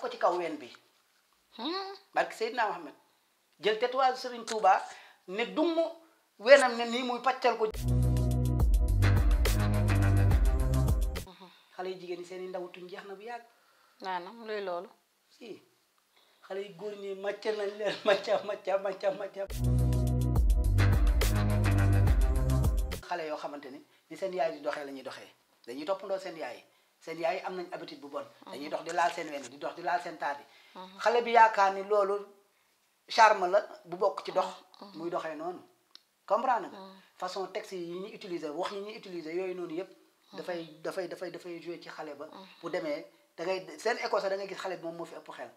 ko ci kaw wen bi hmm? barke Seydina Mohamed jël tatouage Serigne Touba ne dumm weenam ne nii muy paccal ko xale yu jigéen ñi seen i ndaw jeex na bu yàgg naanam luy loolu si xale yu góor ñi màcc nañ leen màcca màcca màcca màcca xale yoo xamante ni ni seen yaay di doxee la ñuy doxee dañuy toppandoo seen yaay seen yaay am nañ habitude bu bon. dañuy dox di laal seen wenn di dox di laal seen taat yi. xale bi yaakaar ni loolu charme la bu bokk ci dox. muy doxee noonu comprendre nga. façon texte yi ñu utiliser wax yi ñu utiliser yooyu noonu yëpp. dafay dafay dafay dafay joué ci xale ba. bu demee da ngay seen école sax da ngay gis xale bi moom moo fi ëpp xel.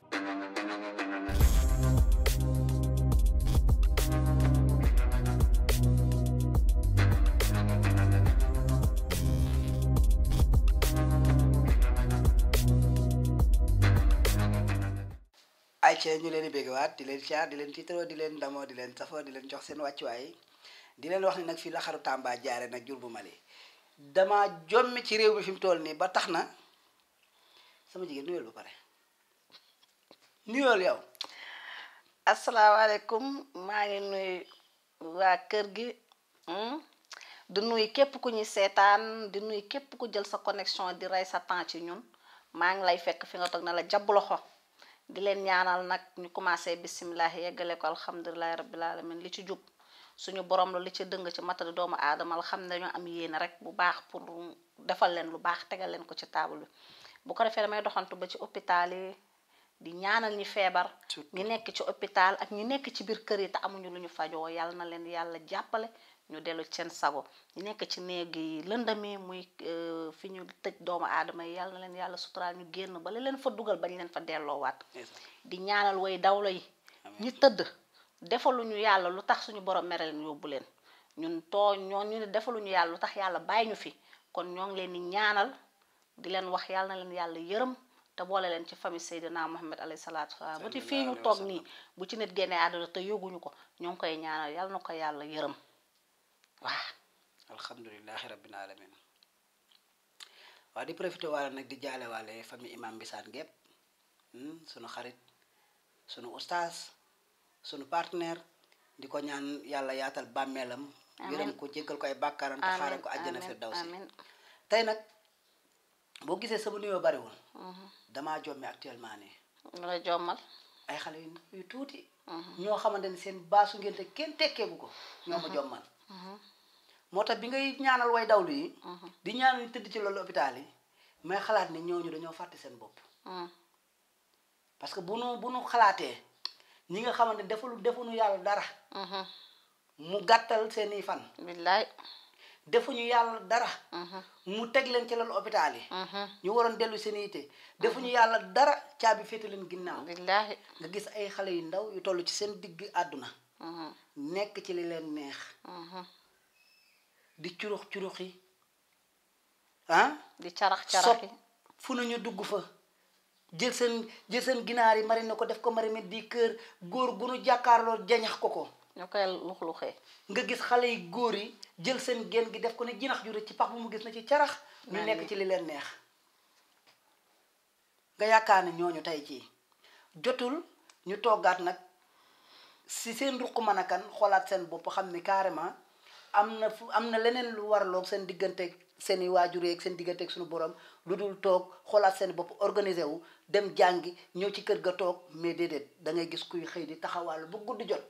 wacce ñu leen di béggewaat di leen siyaar di leen titro di leen damo di leen safo di leen jox seen wàccuwaay di leen wax ni nag fi la xaru Tamba jaare nag jur bu dama jommi ci réew mi fi mu toll ba tax sama jigéen nuyoo ba pare nuyoo yow. asalaamaaleykum maa ngi nuy waa kër gi hmm? di nuy képp ku ñuy seetaan di nuy képp ku jël sa connexion di rey sa temps ci ñun maa ngi lay fekk fi nga toog na la loxo di leen ñaanal nag ñu commencé bisimilahi yeggale ko alhamdulilahi rabbil alamin li ci jub suñu borom la li ci dëng ci matadi doomu aadamal xam ne am yéene rek bu baax pour defal leen lu baax tegal leen ko ci taabal bi bu ko defee damay doxantu ba ci hôpital di ñaanal ñi feebar ñi nekk ci hôpital ak ñi nekk ci biir kër yi te amuñu lu ñu fajoo yàlla na leen yàlla jàppale ñu dellu seen sago ñu nekk ci néeg yi lëndami muy euh, fi ñu tëj doomu adama yi yàlla na leen yàlla suturaal ñu génn bala leen fa dugal bañ leen fa delloowaat di ñaanal way dawlo yi ñu tëdd defaluñu yàlla lu tax suñu borom mere leen yóbbu leen ñun too ñoo ñu ne defaluñu yàlla lu tax yàlla bàyyi ñu fi kon ñoo ngi leen di ñaanal di leen wax yàlla na leen yàlla yërëm te boole leen ci famille Seydina Mohamed alayhi salaatu wa salaam ba ci fii ñu toog nii bu ci nit génnee àdduna te yóguñu ko ñoo ngi koy ñaanal yàlla na ko yàlla yërëm waaw alhamdulilahi rabbil alamin waaw di profité waale nag di jaale waale famille imam bisaan gépp hmm, suñu xarit sunu ustaas sunu partenaire di ko ñaan yàlla yaatal bàmmeelam yërëm ko jéggal ko ay bàkkaaram ko xaaral ko àjjana firdawsi tey nag boo gisee sama nuyoo bariwul mhm. damaa jommi actuellement nii la jommal ay xale yu tuuti mhm. ñoo xamante ni seen baasu ngénte kenn tekkeebu ko ñoo ma mhm. jommal Uh-huh. moo tax bi ngay ñaanal way dawlu yi. Uh-huh. di ñaanal tëdd ci loolu hôpital yi mais xalaat ne ñooñu dañoo fàtte seen bopp. Uh-huh. parce que bu nu bu nu xalaatee ñi nga xamante ne defalu nu yàlla dara. mu gàttal seeni fan. billaay defuñu yàlla dara. mu teg leen ci loolu hôpital yi. ñu waroon dellu seen yitte defuñu yàlla dara caabi féete leen ginnaaw. billaay nga gis ay xale yu ndaw yu toll ci seen digg àdduna. nekk ci li leen neex mm-hmm. di curux curux yi ah? di carax carax yi fu nañu dugg fa jël seen jël seen ginaar yi marine ko def ko marine di kër góor gu nu jàkkaarloo jañax ko ko ñoo koy lux-luxee nga gis xale yi góor yi jël seen genn gi def ko ne jinax ju ci pax bu mu gis na ci carax ñu nekk ci li leen neex nga yaakaar ni ñooñu tey ji jotul ñu toggaat nag si seen ruq man a kan xoolaat seen bopp xam ni carrément am na fu am na leneen lu warloog seen digganteeg seen i waajur yeeg seen digganteeg suñu borom lu dul toog xoolaat seen bopp organisé wu dem jàngi ñëw ci kër ga toog mais déedéet da gis kuy xëy di taxawal bu guddi jot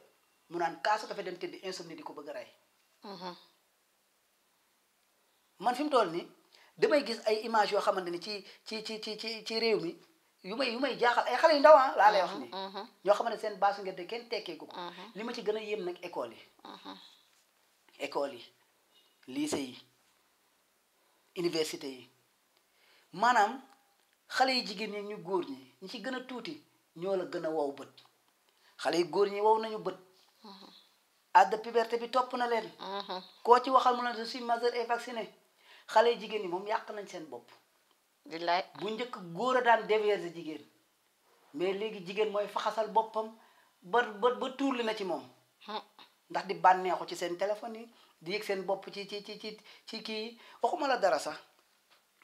mu naan kaasu kafe dem tëdd insomnie di ko bëgg a rey. Mm-hmm. man fi mu toll nii damay gis ay image yoo xamante ni ci ci ci ci ci réew mi. yu may yu may jaaxal ay xale yu ndaw ah laa lay wax uh-huh, ni ñoo uh-huh. xamante seen baasu ngeen de kenn tekkee ko uh-huh. li ma ci gën a yéem nag école yi école yi lycée yi université yi maanaam xale yi jigéen ñi ñu góor ñi ñi ci gën a tuuti ñoo la gën a wow bët xale yu góor ñi wow nañu bët at de puberté bi topp na leen koo ci waxal mu ne je suis majeur et vacciné xale yi jigéen ñi moom yàq nañ seen bopp bu njëkk góor a daan déverser jigéen mais léegi jigéen mooy faxasal boppam ba ba ba tuurli na ci moom hmm. ndax di bànneexu ci seen téléphone yi di yëg seen bopp ci ci ci ci kii waxuma la dara sax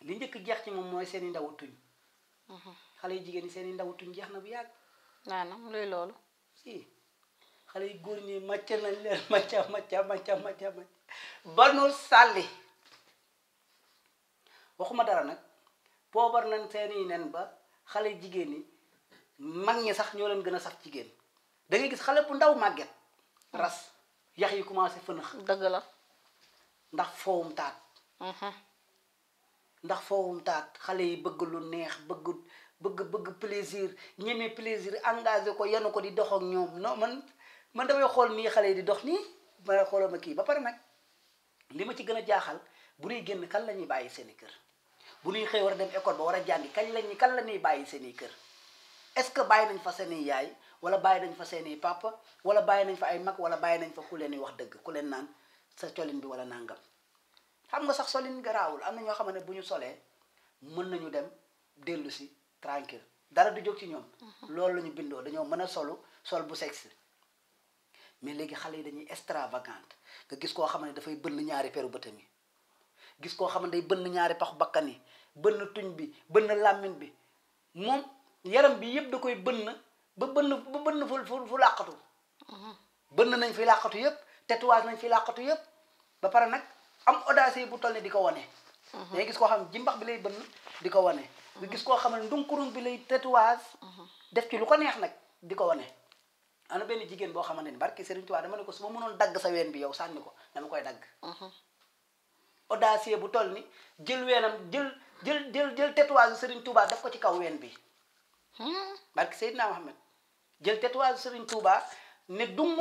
li njëkk jeex ci moom mooy seeni i ndaw tuñ hmm. xale yu jigéen yi seen i ndaw tuñ jeex na bu yàgg naanam luy loolu si xale yu góor ñi macca na leen macca macca macca macca macca ba nu sàlli waxuma dara nag pobar nañ yi nen ba xale jigéen yi mag ñi sax ñoo leen gën a sax jigéen da ngay gis xale bu ndaw màgget ras yax yi commencé fënax dëgg la ndax foowum taat mhm. ndax foowum taat xale yi bëgg lu neex bëgg bëgg bëgg plaisir ñeme plaisir engagé ko yanu ko di dox ak ñoom non man man damay xool nii xale yi di dox nii ma xoolal kii ba pare nag li ma ci gën a jaaxal bu ñuy génn kan la ñuy bàyyi seen kër bu ñuy xëy war a dem école ba war a jàngi kañ lañ kan la ñuy bàyyi seen i kër est-ce que bàyyi nañ fa seen i yaay wala bàyyi nañ fa seen i papa wala bàyyi nañ fa ay mag wala bàyyi nañ fa ku leen wax dëgg ku leen naan sa colin bi wala nàngam xam nga sax solin garaawul am na ñoo xam ne bu ñu solee mën nañu dem dellu si tranquille dara du jóg ci ñoom. Mhm. loolu la ñu bindoo dañoo mën a solu sol bu sexe mais léegi xale yi dañuy extravagante nga gis koo xam ne dafay bënn ñaari peru bëtam yi gis koo xam ne day bënn ñaari paxu bakkan yi bënn tuñ bi bënn làmmiñ bi moom yaram bi yëpp da koy bënn ba bënn ba bënn fu fu fu làqatu mhm. bënn nañ fi làqatu yëpp tatouage nañ fi làqatu yëpp ba pare nag am audace bu toll ni di ko wone mhm. dangay gis koo xam ne jimbax bi lay bënn di ko wane nga koo xam ne ndunkurun bi lay tatouage mhm. def ci lu ko neex nag di ko wane ana benn jigéen boo xamante ni barki Serigne Touba dama ne ko su ma mënoon dagg sa ween bi yow sànni ko dama koy dagg audacieux bu toll ni jël weenam jël jël jël jël tatouage Serigne Touba daf ko ci kaw ween bi hmm. barke Seydina Mohamed jël tatouage Serigne Touba ne dumm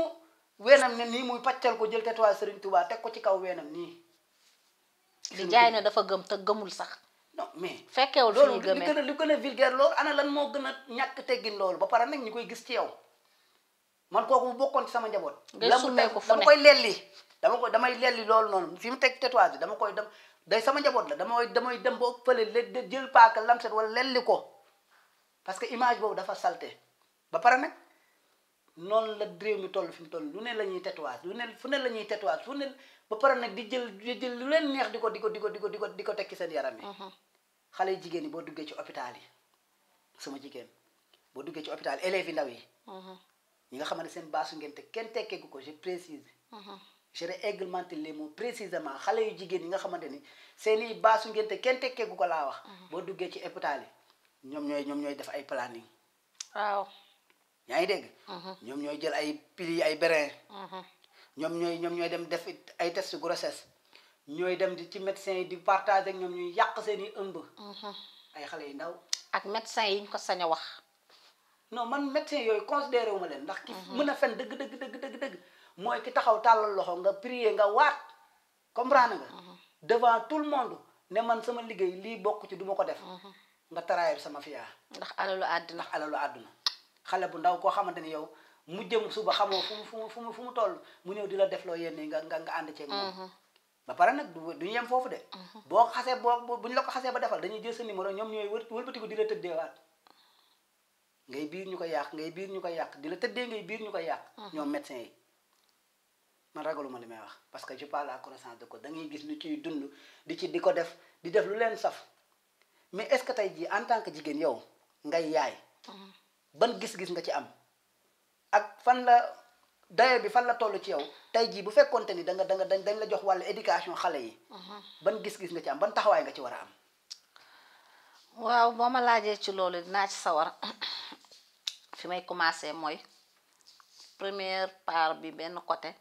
weenam ne nii muy paccal ko jël tatouage sëriñ Touba teg ko ci kaw weenam nii. li jaay ne dafa gëm te gëmul sax. non mais fekkewul fi ñu gëmee loolu li gën a vulgaire loolu ana lan moo gën a ñàkk teggin loolu ba pare nag ñu koy gis ci yow man kooku bu bokkoon sama njaboot. ngay sumee ko fu ne dama koy lelli dama ko damay lelli loolu noonu fi mu teg tatouage bi dama koy dem day sama njaboot la damay damay dem ba fële le jël paaka lamset wala lelli ko parce que image boobu dafa salte ba pare nag noonu la réew mi toll fi mu toll lu ne la ñuy tatouage lu ne fu ne la ñuy tatouage fu ne ba pare nag di jël di jël lu leen neex di ko di ko di ko di ko di ko di ko tekki seen yaram yi mhm. xale yu jigéen yi boo duggee ci hôpital yi sama jigéen boo duggee ci hôpital élèves yi ndaw yi mhm. ñi nga xamante seen baasu ngeen te kenn tekkeegu ko je réglementé les mots précisément xalé yu jigen yi nga xamanteni seeni basu ngenté kenn tekké gu ko la wax mhm. bo duggé ci hôpital yi ñom ñoy ñom ñoy def ay planning waaw yaangi dégg mhm. ñom ñoy jël ay pili ay bérin mhm. ñom ñoy ñom ñoy dem def ay test grossesse ñoy dem di ci médecin yi di partager ak ñom ñuy yaq seeni ëmb ay xalé yu ndaw ak médecin yiñ ko saña wax non man médecin yoy considéré wuma len ndax ki mëna fen deug deug deug deug deug moy ki taxaw talal loxo nga prier nga wat comprendre nga. Mhm. devant tout le monde ne man sama liggéey li bokku ci duma ko def. Mhm. nga trahir sama fiya ndax alalu aduna ndax alalu aduna xale bu ndaw ko xamanteni yow mu jëm suba xamoo fu mu fu mu fu mu toll mu ñew dila def lo yene nga nga nga ànd ceeg moom. ba para nak du ñem fofu de. Mhm. bo xasse bo buñ la ko xasse ba defal dañuy jël sa numéro ñom ñoy wër wëlbatiku di la tëddeewaat. ngay biir ñu yaq ngay biir ñu yaq dila teddé ngay biir ñu yaq ñom médecin yi. man ragaluma li may wax parce que je parle à connaissance de cause da gis ñu ciy dund di ci di ko def di def lu leen saf mais est-ce que tey jii en tant que jigéen yow ngay yaay. ban gis-gis nga ci am ak fan la daye bi fan la toll ci yow tey jii bu fekkonte ni da nga da nga dañ la jox wàllu éducation xale yi. ban gis-gis nga ci am ban taxawaay nga ci war a am. waaw boo ma laajee ci loolu dinaa ci sawar fi may commencer mooy première part bi benn côté.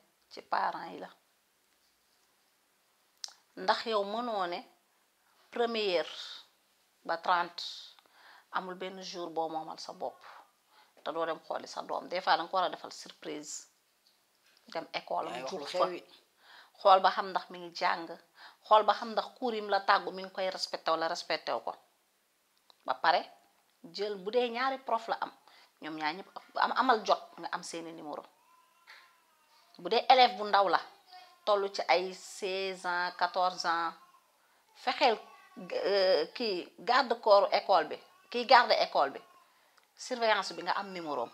parent yi la ndax yow mënoo ne première ba trente amul benn jour boo moomal sa bopp te doo dem xooli sa doom des fois danga ko war a defal surprise dem école am jur fa xool ba xam ndax mi ngi jàng xool ba xam ndax cours la tàggu mi ngi koy respecté wala respecté wu ko ba pare jël bu dee ñaari prof la am ñoom ñaar ñëpp am amal jot nga am seeni numéro bu dee élève bu ndaw la toll ci ay 16 ans 14 ans fexeel euh, kii garde corps école bi kii garde école bi surveillance bi nga am numéro am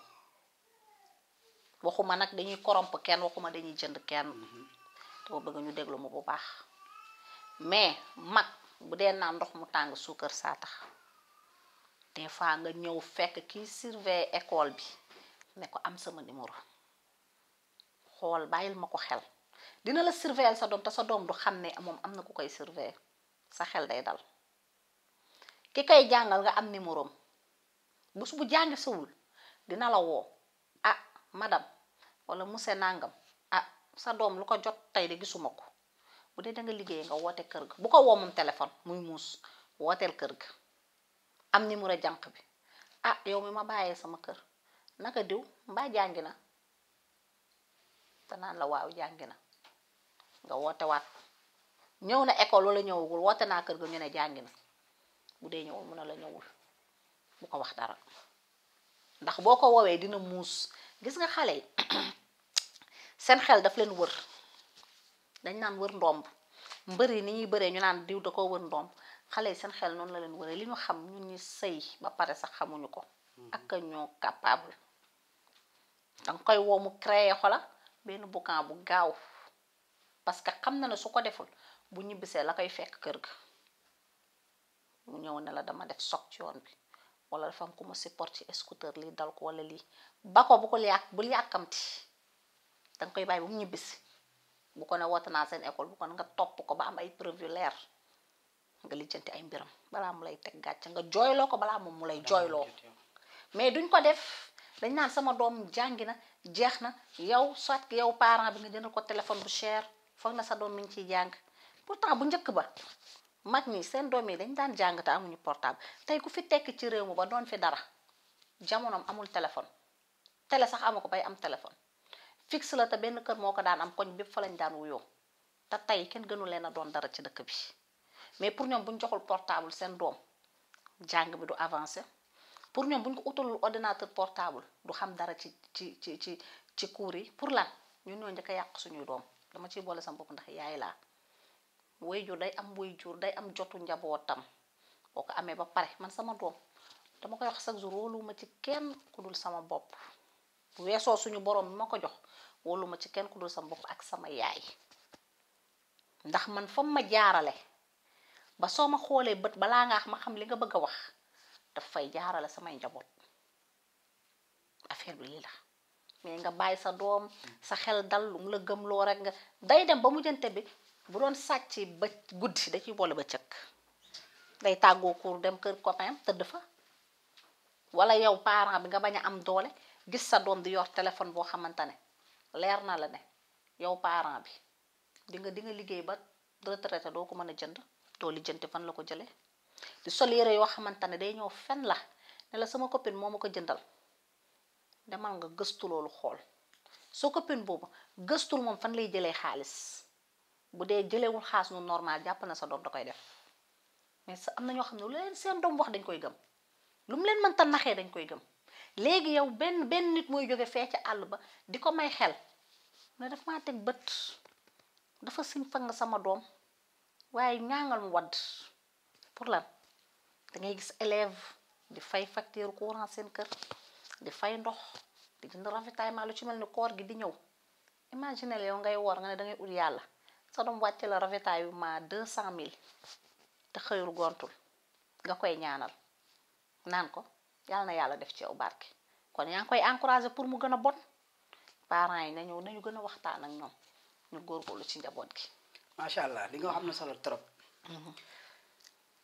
waxuma nag dañuy corrompre kenn waxuma dañuy jënd kenn mm-hmm. dama bëgg ñu déglu ma bu baax mais mag bu dee naa ndox mu tàng suukar saa tax des fois nga ñëw fekk kii surveille école bi ne ko am sama numéro xool bàyyil ma ko xel dina la surveiller sa doom te sa doom du xam ne moom am na ku koy surveiller sa xel day dal ki koy jàngal nga am numéro am bés bu jàngi sawul dina la woo ah madam wala monsieur nàngam ah sa doom lu ko jot tey de gisuma ko bu dee da nga liggéey nga woote kër gi bu ko woo moom téléphone muy muus wooteel kër gi am numéro jànq bi ah yow mi ma bàyyee sama kër naka diw mbaa jàngi na te naan la waaw jàngi na nga woote waat ñëw na école wala ñëwagul woote naa kër ga ñu ne jàngi na bu dee ñëwul mu ne la ñëwul bu ko wax dara ndax boo ko woowee dina muus gis nga xale yi seen xel daf leen wër dañ naan wër ndomb mbër yi ni ñuy bëree ñu naan diw da ko wër ndomb xale yi seen xel noonu la leen wëree li ñu xam ñun ñu sëy ba pare sax xamuñu ko mm-hmm. ak ñoo capable danga koy woo mu créé xola benn boucan bu gaaw parce que xam na na su ko deful bu ñibbisee la koy fekk kër ga mu ñëw na la dama def soog ci yoon bi wala dafa am ku ma support ci scooter lii dal ko wala lii ba ko bu ko yàq bul yàkkamti danga koy bàyyi bu ñibbisi bu ko ne woote naa seen école bu ko ne nga topp ko ba am ay preuve leer nga lijjanti ay mbiram balaa mu lay teg gàcc nga jooyloo ko balaa moom mu lay jooyloo mais duñ ko def dañ naan sama doom jàngi na jeex na yow soit yow parent bi nga jëndal ko téléphone bu cher foog na sa doom mi ngi ciy jàng pourtant bu njëkk ba mag ñi seen doom yi dañ daan jàng te amuñu portable tey ku fi tekk ci réew mi ba doon fi dara jamonoom amul téléphone télésax sax amu ko bay am téléphone fix la te benn kër moo ko daan am koñ bépp fa lañ daan wuyoo te tey kenn gënu leen a doon dara ci dëkk bi mais pour ñoom bu ñu joxul portable seen doom jàng bi du avancé pour ñom buñ ko utalul ordinateur portable du xam dara ci ci ci ci ci cours yi pour lan ñu ñoo ñaka yaq suñu doom dama ci bolé sam bopp ndax yaay la way jur day am way jur day am jotu njabotam boko amé ba pare man sama doom dama koy wax chaque jour wóoluma ci kenn kudul sama bop weesoo suñu borom ma ko jox wóoluma ci kenn kudul sama bop ak sama yaay ndax man fam ma jaarale ba soma xolé beut bala nga xam li nga bëgg wax daf fay jaarale samay njaboot affaire bi lii la mais nga bàyyi sa doom sa xel dal lu mu la gëmloo rek nga day dem ba mujjante bi bu doon sàcc ba guddi da ciy boole ba cëkk day tàggoo kuur dem kër copain tëdd fa walla yow parent bi nga bañ a am doole gis sa doom di yor téléphone boo xamante ne leer na la ne yow parent bi di nga di nga liggéey ba retraité doo ko mën a jënd doo lijjanti fan la ko jëlee di sol yére yoo xamante ne day ñëw fen la ne la sama copine moo ma ko jëndal demal nga gëstu loolu xool soo copine boobu gëstul moom fan lay jëlee xaalis bu dee jëlewul xaalis nu normal jàpp na sa doom da koy def mais sa am na ñoo xam ne lu seen doom wax dañ koy gëm lu mu leen mënta dañ koy gëm léegi yow benn benn nit mooy jóge fee ca àll ba di ko may xel ne daf maa teg bët dafa sim fa nga sama doom waaye ñaangal mu wadd pour lan da ngay gis élève di fay facteur courant seen kër di fay ndox di jënd ma lu ci mel ni koor gi di ñëw imaginez yow ngay woor nga ne dangay ul ut yàlla sa doom wàcce la ma deux cent mille te xëyul gontul nga koy ñaanal naan ko yàlla na yàlla def ci yow barke kon yaa koy encouragé pour mu gën a bon parents yi na ñëw nañu gën a waxtaan ak ñoom ñu góorgóorlu ci njaboot gi. macha allah li nga xam ne solo trop. Mm-hmm.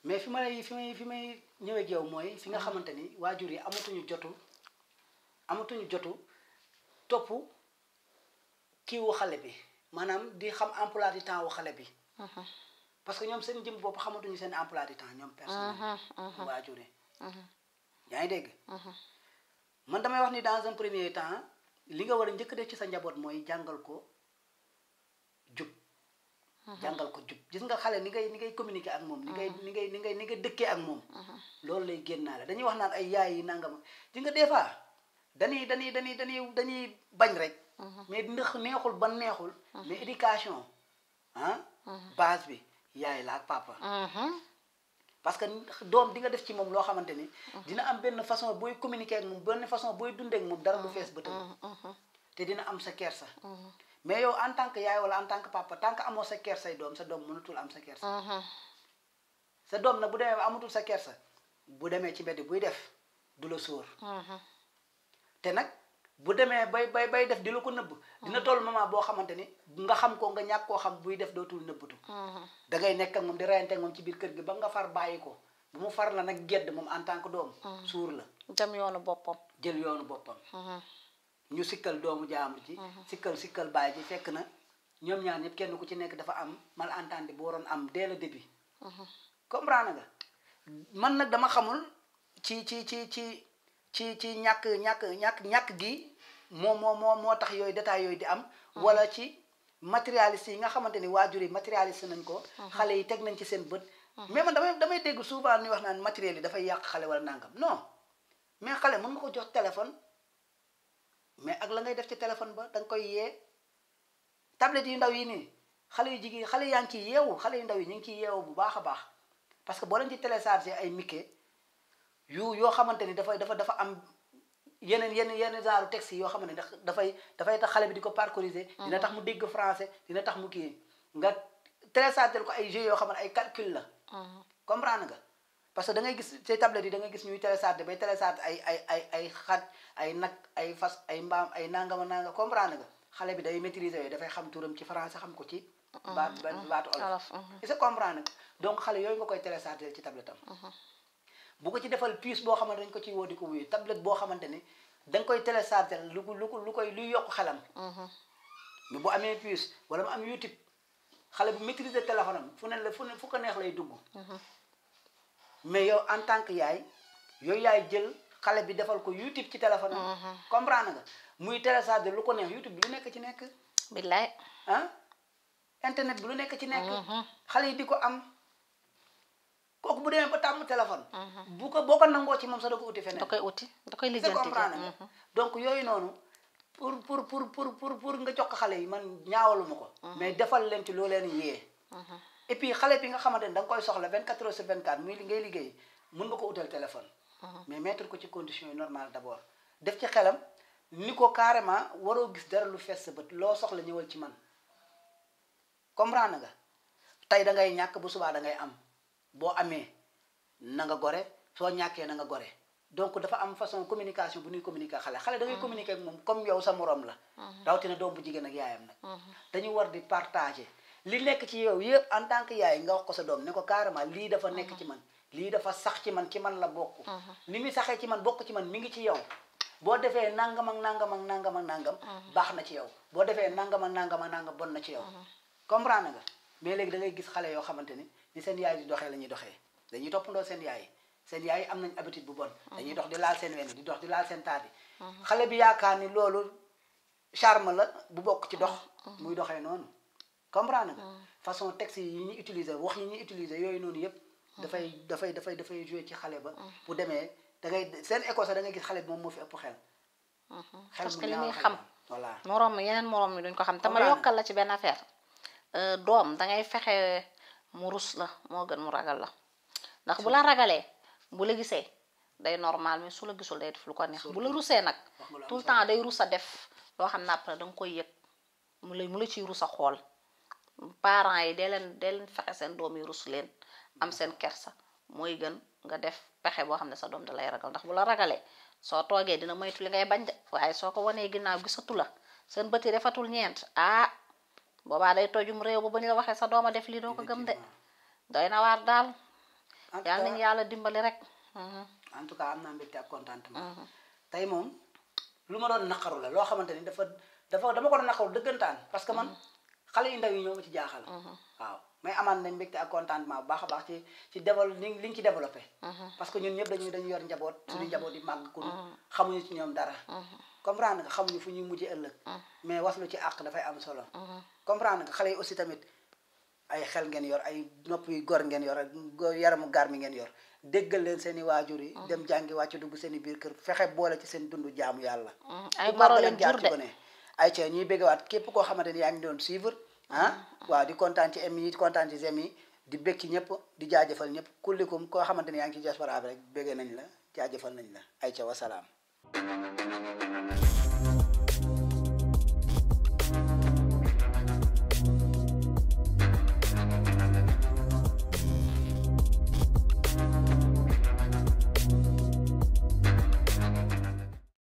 mais fi ma lay fi may fi may ñëwee ak yow mooy fi nga mm. xamante ni waajur yi amatuñu jotu amatuñu jotu topp kii wu xale bi maanaam di xam emploi du temps wu xale bi. Mm-hmm. parce que ñoom seen jëm bopp xamatuñu seen emploi du temps ñoom personne. Mm-hmm. Mm-hmm. waajur yi. yaa ngi dégg. man damay wax ni dans un premier temps li nga war a njëkk de ci sa njaboot mooy jàngal ko. Uh-huh. jàngal ko jub gis nga xale ni ngay ni ngay communiquer ak moom. ni ngay uh-huh. ngay ni ngay ni dëkkee ak moom. Uh-huh. loolu lay génnaale dañuy wax naan ay yaay yi nangam gis nga des fois dañuy dañuy dañuy dañuy dañuy bañ rek. mais ndax neexul ba neexul. mais éducation ah. base bi yaay la ak papa. parce que doom di nga def ci moom loo xamante ni. dina am benn façon booy communiquer ak moom benn façon booy dundeek moom dara du fees ba bëtam. te dina am sa kersa. mais yow en tant que yaay wala en tant que papa tant que amoo sa say doom sa doom mënutul am sa kersa sa doom na bu demee ba amatul sa kersa bu demee ci mbedd buy def du la sóor te nag bu demee bay bay bay def di ko nëbb dina toll mama boo xamante ni nga xam ko nga ñàkk koo xam buy def dootul nëbbatu da ngay nekk ak moom di rayante moom ci biir kër gi ba nga far bàyyi ko bu mu far la nag gedd moom en tant que doom suur la jëm yoonu boppam jël yoonu boppam ñu sikkal doomu jaamu ci mhm. sikkal sikkal baay ji fekk na ñoom ñaar ñëpp kenn ku ci nekk dafa am malentendu bu waroon am dès le début mhm. comprendre nga man nag dama xamul ci ci ci ci ci ci ñàkk ñàkk ñàkk ñàkk gi moo moo moo moo tax yooyu détails yooyu di am mhm. wala ci matérialiste yi nga xamante ni waajur yi matérialiste nañ ko xale yi teg nañ ci seen bët mais man damay damay dégg souvent ñuy wax naan matériel yi dafay yàq xale wala nangam non mais xale mën nga ko mais ak la ngay def ci téléphone ba da nga koy yee tablette yu ndaw yi nii xale yu jigéen xale yaa ngi ciy yeewu xale yu ndaw yi ñu ngi ciy yeewu bu baax a baax parce que boo leen ci téléchargé ay Mickey yu yoo xamante ni dafay dafa dafa am yeneen yenn yenn genre texte yoo xam ne dafay dafay tax xale bi di ko parcouriser. Mm-hmm. dina tax mu dégg français dina tax mu kii nga téléchargé ko ay jeux yoo xam ne ay calcul la. Mm-hmm. comprendre nga. parce que da ngay gis ces tablettes yi da ngay gis ñuy télécharger bay télécharger ay ay ay ay ay nag ay fas ay mbaam ay nangama nanga comprendre nga xale bi day maîtriser yooyu dafay xam turam ci français xam ko ci mm-hmm. baat mm-hmm. baatu olof mm-hmm. est-ce que comprendre nga xale yooyu nga koy télécharger ci tablette am bu ko ci defal puce boo xamante dañ ko ci woo di ko wuyu tablette boo xamante ni da koy télécharger lu ko lu ko koy luy yokk xelam mais bu amee puce wala mu am YouTube xale bu maîtriser téléphone am fu ne la fu ne fu ko neex lay dugg mais yow en tant que yaay yooyu yaay jël xale bi defal ko YouTube ci téléphone am. Mhm. comprendre nga muy télécharger lu ko neex YouTube bi lu nekk ci nekk. billaay ah internet bi lu nekk ci nekk. Mhm. xale yi di ko am kooku bu demee ba tàmm téléphone. Mhm. bu ko boo ko nangoo ci moom sa da ko uti feneen. da koy uti da koy lijjanti comprendre donc yooyu noonu. pour pour pour pour pour nga jox xale yi man ñaawaluma ko. mais defal leen ci loo leen yee. et puis xale bi nga xamante ni da nga koy soxla 24 heures sur 24 muy ngay liggéey mën nga ko utal téléphone. Mhm. mais mettre ko ci condition yi normale d' abord. def ci xelam ni ko carrément waroo gis dara lu fes sa bët loo soxla ñëwal ci man comprendre nga tey da ngay ñàkk bu subaa da ngay am boo amee na nga gore soo ñàkkee na nga gore donc dafa am façon communication bu nuy communiquer xale xale da ngay mhm. communiquer ak moom comme yow sa moroom la. Mhm. rawatina doom bu li nekk ci yow yëpp en tant que yaay nga wax ko sa doom ne ko carrément lii dafa nekk uh-huh. ci man lii dafa sax ci man ci man la bokk uh-huh. ni muy saxee ci man bokk ci man mi ngi ci yow boo defee nangam ak nangam ak nangam ak nangam uh-huh. baax na ci yow boo defee nangam ak nangam ak nangam bon na ci yow comprendre nga mais léegi da gis xale yoo xamante ni ni seen yaay di doxee la ñuy doxee dañuy toppandoo seen yaay seen yaay am nañ habitude bu bon dañuy dox di laal seen wenn di dox di laal seen taat yi xale la bu bokk ci dox muy doxee noonu comprendre nga. Mm. façon texte yi ñu utiliser wax yi ñuy utiliser yooyu noonu yëpp. Mm-hmm. dafay dafay dafay dafay ci xale ba. Mm. bu demee da ngay seen école sax da ngay gis xale bi moom moo fi ëpp xel. Mm-hmm. xel parce que li muy xam. voilà moroom yeneen moroom mi duñ ko xam. te ma yokkal la ci benn affaire. Euh, doom da ngay fexe mu rus la moo gën mu ragal la ndax bu la ragalee bu la gisee day normal mais su la gisul day def lu ko neex. bu la rusee nag tout le temps day rus a def loo xam ne après da nga koy yëg mu la mu la ciy rus a xool. parents yi dee leen fexe seen doom yi leen am seen kersa mooy gën nga def pexe boo xam ne sa doom da lay ragal ndax bu la ragalee soo toogee dina moytu li ngay bañ de waaye soo ko wanee ginnaaw gisatu la seen bët yi defatul ñeent ah boobaa day tojum réew bu ba ñu waxee sa doom a def lii doo ko de doy na waar daal yal nañu yàlla dimbali rek mhm. en tout cas am naa mbégte ak contentement mhm. tey moom lu ma doon naqaru la loo xamante ni dafa dafa dama ko doon naqaru dëggantaan parce que man mhm. xale yi ndaw yi ñoo ci jaaxal. waaw mais amaan nañ mbégte ak contentement bu baax a baax ci ci développé li ñu ci développé. parce que ñun ñëpp dañuy dañu yor njaboot. suñu njaboot yi màgg ku xamuñu ci ñoom dara. comprendre nga xamuñu fu ñuy mujjee ëllëg. mais waslu ci àq dafay am solo. comprendre nga xale yi aussi tamit ay xel ngeen yor ay nopp yu gor ngeen yor ak yaramu gar mi ngeen yor déggal leen seen i waajur yi. dem jàngi wàcc dugg seen i biir kër fexe boole ci seen dundu jaamu yàlla. ay maro leen jur de ayca ñuy waat képp koo xamante ni yaa ngi doon suivre ah waaw di kontaan ci emi di kontaan ci zemi di bég ci ñëpp di jaajëfal ñëpp kullikum koo xamante ni yaa ngi ci diaspora bi rek bëgg nañ la jaajëfal nañ la ayca wasalaam